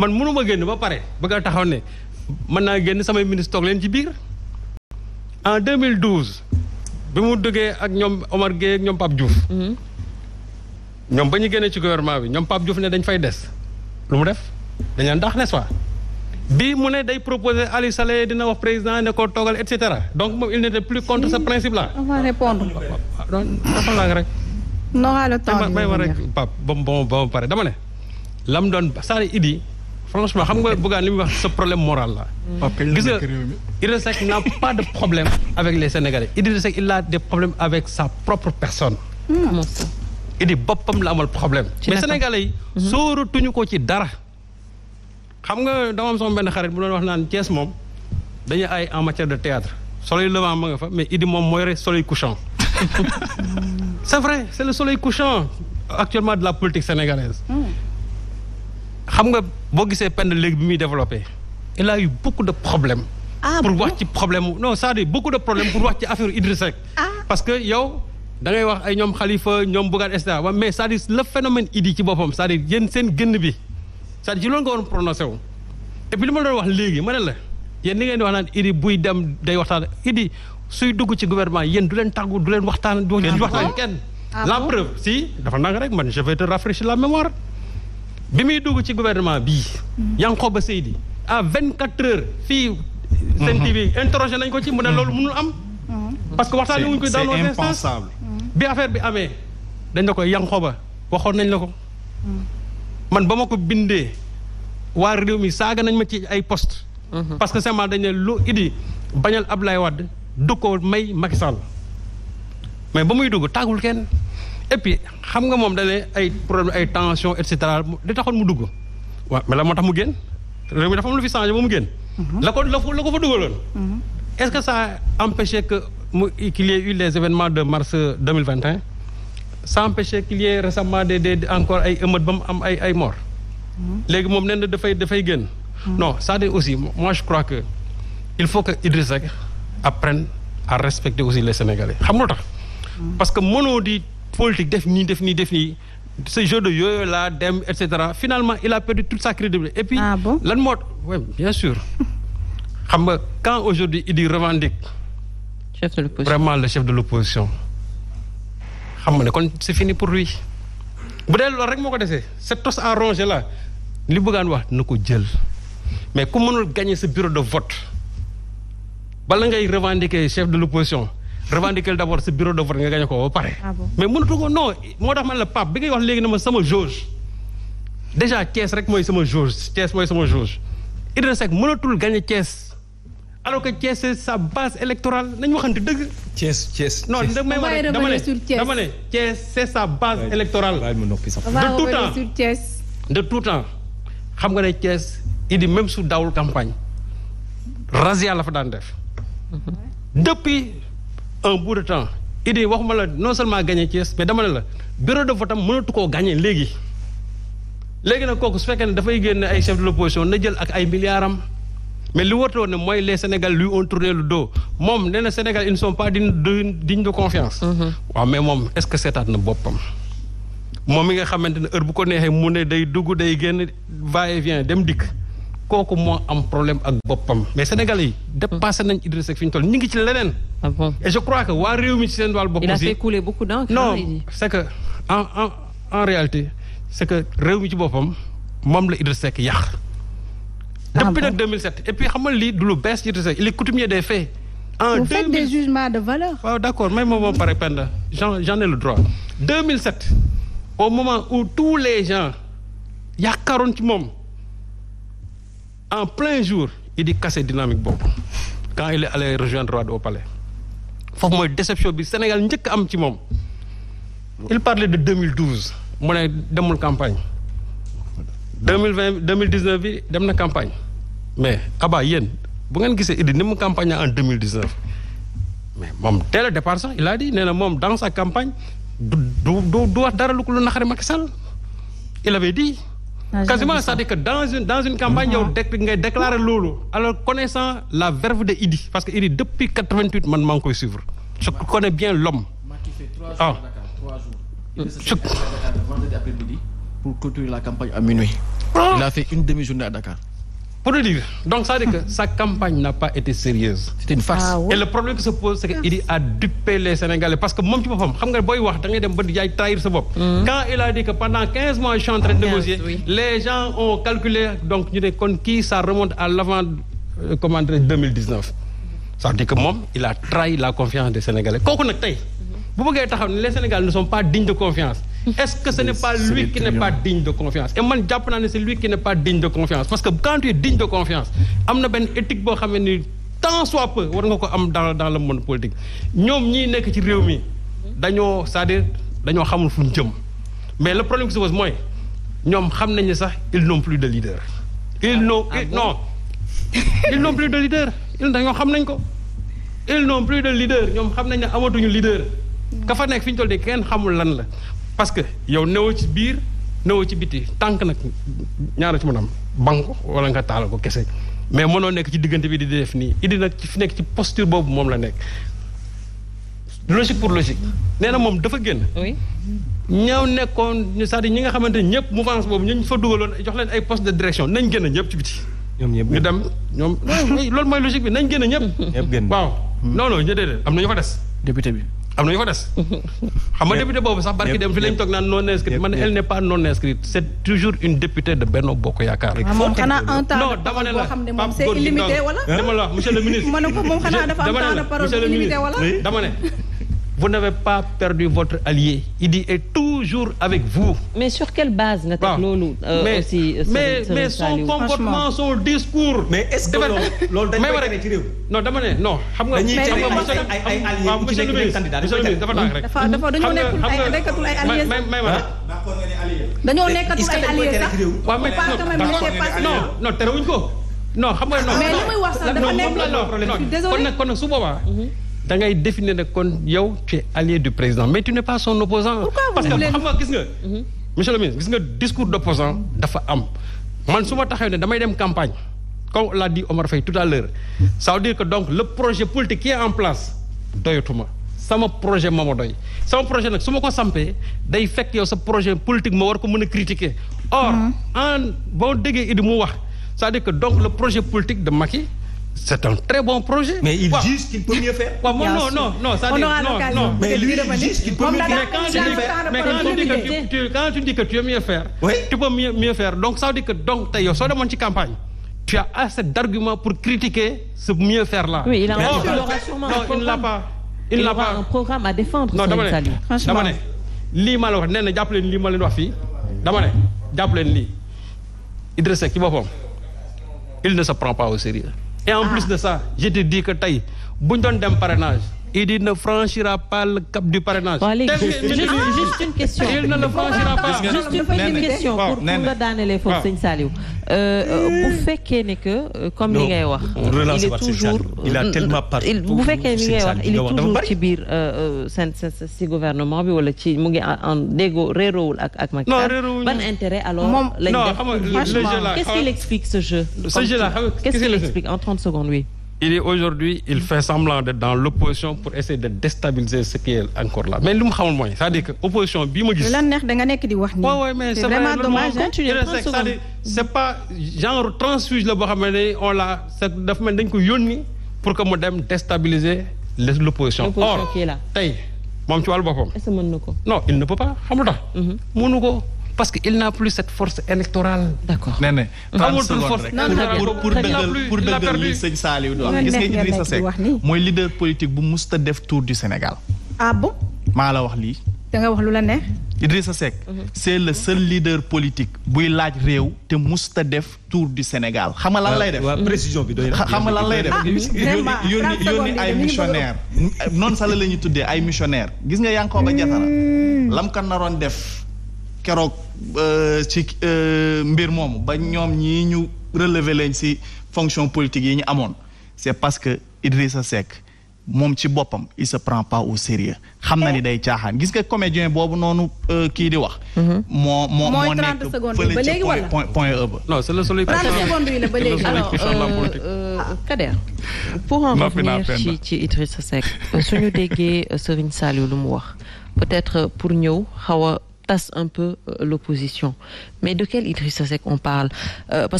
man mënu ma génn ba pare bëgg a taxaw ne mën naa génn samay ministre toog leen ci biir en 2012 bi mu dëggee ak ñoom Omar Gueye ak ñoom Pape Diouf. Mhm. ñoom ba ñu génnee ci gouvernement bi ñoom Pape Diouf ne dañ fay des lu mu def dañu ndax n'est-ce pas bii mu ne day proposer Aliou Salé dina wax président ne ko toogal cetera donc moom il n'était plus contre ce principe là. on va répondre. rek. non à ba mu ba mu pare dama ne. lam doon Sare Idi. franchement xam nga bëggaan li muy wax sa problème moral la gis nga Idrissa Seck n'a pas de problème avec les Sénégalais Idrissa Seck il a des problèmes avec sa propre personne idi hmm, boppam la amal problème mais Sénégalais yi hmm. sóoratuñu ko ci dara xam nga dama am benn xarit mu doon wax naan Thiès moom dañu ay en matière de théâtre soleil levant ma nga fa mais idi moom mooy rek soleil couchant c'est vrai c'est le soleil actuellement de la politique sénégalaise hmm. xam nga boo gisee PEND léegi bi muy développé il a eu beaucoup de problèmes. Ah, pour wax ci problème non c'est-à-dire beaucoup pour wax ci affaire Idrissa Seck ah. parce que yow da ngay wax ay ñoom Khalifa ñoom Bougane et cetera mais c'est-à-dire le phénomène Idi ci boppam cest à yéen seen génn bi c'est-à-dire ci loolu nga waroon prononcé wu. et puis li ma doon wax léegi ma ne la yéen ni ngeen di wax naan Idi buy dem day waxtaan Idi suy dugg ci gouvernement yéen du leen tàggu du leen waxtaan du leen ah waxtaan kenn ah la preuve si dafa nang rek man je vais te rafraîchir bi muy dugg ci gouvernement bii. Mm-hmm. Yankoba Seydi a vingt quatre heures fii. Sen mm-hmm. TV interrogé nañ ko ci mu ne loolu mënul am. Mm-hmm. parce que waxtaanee wuñ koy dans nos instances bi affaire bi amee dañ la koy Yankoba waxoon nañ la ko. man ba ma ko bindee waa réew mi saaga nañ ma ci ay poste parce que seulement dañ ne lu idi bañal ab lay Wade du ko may Macky Sall mais ba muy dugg tàggul kenn. et puis xam nga moom dane ay problème ay tension et cetera di taxoon mu dugg waaw mais moo tax mu génn réew mi dafa am lu fi changé ba mu génn mhm. la ko la la ko fa dugaloon mhm. est-ce que ça a empêché que mu qu'il y ait eu les événements de mars 2021 ça a empêché qu'il y ait récemment de des encore ay émeutes ba mu am ay ay morts mhm. léegi moom nee na dafay dafay génn non c'est-à-dire aussi moi je crois que il faut que Idrissa Seck apprenne à respecter aussi les Sénégalais xam nga lu tax parce mënoo di politique def nii def nii def nii ce jeu de yooyu laa dem et cetera finalement il a perdu toute sa crédibilité et puis ah lan moo oui bien sûr xam nga quand aujourd'hui il dit revendique de l'opposition vraiment le chef de l'opposition xam nga ne kon c'est fini pour lui bu dee loolu rek moo ko desee cette tos à ronger la li bëggaan wax na ko jël mais ku mënul gagner sa bureau de vote bala ngay revendiquer chef de l'opposition revendiquer d' abord sa bureau de vote nga gagné ko ba pare. Ah mais mënatu ko moo tax man la Pape bi ngay wax léegi ne ma sama jauge déjà Thiès rek mooy sama jauge Thiès mooy sama jauge Idrissa Seck mënatul gagné Thiès que Thiès sa base électorale nañu waxante dëgg. Thiès Thiès non damay wax dama ne dama ne Thiès c'est sa base électorale. de tout temps de tout temps xam nga ne Thiès idi même su dawul campagne razzia la fa daan def depuis. en bout de temps idée waxuma la non seulement gagné Thiès mais dama ne la bureau de vote mënatu koo gagné léegi. léegi nag kooku su fekkee ne dafay génn ay chef de l'opposition na jël ak ay milliards am mais li wartoon ne mooy les Sénégal lui ont tourné le dos moom nee na Sénégal ils ne sont pas dignes de confiance. Mm-hmm. waaw mais moom est-ce que seetaat na boppam. moom mi nga xamante ne heure bu ko neexee mu ne day dugg day génn va et dem dikk. kooku moo am problème ak boppam mais Sénégalais yi dépassé nañ Idrissa Seck fi ñu toll ñu ngi ci leneen ah je crois que waa réew mi ci seen wàllu bopp il non c'est que en en en réalité c'est que réew mi ci boppam moom la Idrissa Seck yàq ah depuis nag 2007 et puis xam nga lii lu bees ci Idrissa Seck il est coutumier des faits en vous faites des jugements de valeur waaw d'accord mais moom moom pare Penda j'en j'en ai le droit 2007 au moment où tous les gens yaakaaroon ci moom en plein jour il di casser dynamique boobu quand il est allé rejoindre Wade au palais foofu mooy déception bi Sénégal njëkk am ci moom il parlait de 2012 mu ne demul campagne 2020 2019 bi dem na campagne mais Abba yéen bu ngeen gisee Idi ni mu campagne en 2019 mais moom dès le départ sax il a dit nee na moom dans sa campagne du du du wax dara lu ko lu naxari Macky Sall il avait dit quasiment c'est-à-dire que dans une dans une campagne yow ngay déclarer loolu alors connaissant la verve de Idi parce que Idi depuis 88 man maa ngi koy suivre je connais bien l'homme ah. la campagne ah. il a fait une demi-journée à Dakar pour le dire donc ça veut campagne n'a pas été sérieuse c'est une ah et le problème qui se pose c'est que ah. Idy a dupé les Sénégalais parce que moom ci boppam xam nga booy wax da ngay dem ba di jaay trahir sa bopp hmm. quand il a dit pendant quinze mois je suis en train ah, négocier les gens ont calculé donc ñu ne kon kii ça remonte à l'avant euh, comment dirais-je 2019 ça dire que moom il a trahi la confiance des Sénégalais kooku nag tey bu bëggee taxaw les Sénégalais ne sont pas confiance est-ce que ce n'est pas lui qui n'est pas digne de confiance et man jàpp naa ne c'est lui qui n'est pas digne de confiance parce que quand tu es digne de confiance am na benn éthique boo xam ne ni tant soit peu war nga ko am dans dans le monde politique ñoom ñii nekk ci réew mi dañoo cest dañoo xamul fu ñu mais le problème qui mooy ñoom xam nañu sax ils non plus de leader ils ah n'ont ah non ils n'ont plus de leader xam nañ ko ils plus de leader ñoom xam nañ ne amatuñu leader ka fa nekk fi ñu toll de kenn xamul lan la parce que yow newoo ci biir newoo ci biti tànk nag ñaar ñaara ci mën am banko wala nga taal ko kese mais mënoo nekk ci diggante bi di def nii indi nag ci fi nekk ci posture boobu moom la nekk logique pour logique nee na moom dafa génn ñaaw nekkoon c'est-à-dire ñi nga xamante ne ñëpp mouvance boobu ñu fa dugaloon jox leen ay poste de direction nañ génn ñëpp ci biti ñoom ñëpp ñu dem ñoom loolu mooy logique bi nañ génn ñëpp waaw hmm. non non ñu déedéet am na ñu fa des député bi am na ñu fa des. xam nga député boobu sax barki dem fi lañ toog naan non inscrite man elle n'est pas non inscrite c'est toujours une députée de Benno Bokk Yaakaar. Ah, moom xanaa un temps de parole boo xam ne moom c'est illimité wala. dama la wax monsieur le ministre. ma ne ko moom xanaa dafa am temps de parole illimité wala. dama ne. vous n'avez pas perdu votre allié Idy est toujours avec vous. mais sur quelle base nga teg loolu. aussi euh, mais mais son comportement son discours. mais est-ce que loolu dañ koy tere ci réew. non dama ne non xam nga. dañuy tere ay ay alliés ku ci nekk candidat dafa rek. dafa dafa dañoo nekkul ay nekkatul ay alliés. may may ma dañoo nekkatul ay alliés sax. waaw mais non non terewuñ ko. non xam nga non non mais li muy wax sax dafa nekk problème kon nag kon nag su boobaa. Mhm. da ngay définir ne kon yow tu es allié du président mais tu n'es pas son opposant parce que xam nga gis nga mhm. monsieur le ministre gis nga discours d'opposant dafa am man su ma taxawee ne damay dem campagne comme l'a dit Omar Faye tout à l'heure ça veut dire que donc le projet politique qui est en place doyatuma sama projet moo ma doy sama projet nag su ma ko sampee day fekk yow sa projet politique ma war ko mën a critiquer or mhm. boo déggee Idi mu wax c'est-à-dire que donc le projet politique de Macky c'est un très bon projet. mais il juge qu'il peut mieux faire. waaw non non non c'est-à-dire non non. mais quand tu dis que tu quand mieux faire. tu peux mieux faire donc ça veut dire que donc tey yow soo demoon ci campagne. tu as assez d'arguments pour critiquer ce mieux faire là. oui il a sûrement un programme non il l'a pas. l'a pas un programme à défendre. ne ne lii ma la wax nee na jàpp leen lii ma leen wax fii dama ne jàpp leen lii Idrissa Seck il ne se prend pas au sérieux en plus ah. de ça je te dis tey bu ñu doon dem parrainage il ne franchira pas le cap du parrainage. waaw léegi juste une question. il ne le franchira pas. juste une petite question pour pour nga daanelee foofu sëñ Saliou. Euh, euh, bu fekkee ne que euh, comme li ngay wax. il est toujours il a tellement parti. bu fekkee ni ngay wax il est toujours ci biir seen si gouvernement bi wala ci mu ngi en déggoo réeroowul ak ak Macky Sall. ban intérêt alors. lañ def franchement qu'est-ce qu'il explique ce jeu. ce jeu là qu'est-ce qu'il explique en 30 secondes oui. il est aujourd'hui il fait semblant d'être dans l'opposition pour essayer de déstabiliser ce qui est encore là mais li mu xamul mooy c'est-à-dire que opposition bii ma gis. lan neex da nekk di wax nii. c'est pas genre transfuge la boo xam ne on l'a c'est dafa mel dañ ko yónni pour que mu dem déstabiliser l'opposition. or tey moom ci wàllu boppam. est na ko. non il ne peut pas xam nga tax. Mm-hmm. mënu ko. parce que il n'a plus cette force électorale. d'accord pour pour dëggal pour dëggal li wax gis mooy leader politique bu musta def tour du Sénégal. Ah maa la wax lii. da wax lu la neex. Idrissa Seck. Mhm. c'est le seul leader politique buy laaj réew te musta def tour du Sénégal xam nga lan lay def. waaw précision bi doy xam nga lan lay def. Ah, yónni ay missionnaire noonu sax la ñuy tuddee ay missionnaire gis nga Yankhoba Diattara hmm. lam ko naroon def. keroog euh, ci euh, mbir moomu ba ñoom ñii ñu relever leen ci fonction politique yi ñu amoon c'est parce que Idrissa Seck moom ci boppam il se prend pas au sérieux xam na ni day caaxaan gis nga comédien boobu noonu euh, kii di wax. Mhm. moo moo moo nekk E ba. non c'est le seul ba lu mu wax peut-être pour ñëw xaw tasse un peu euh, l'opposition. Mais de quel Idrissa Seck on parle euh, parce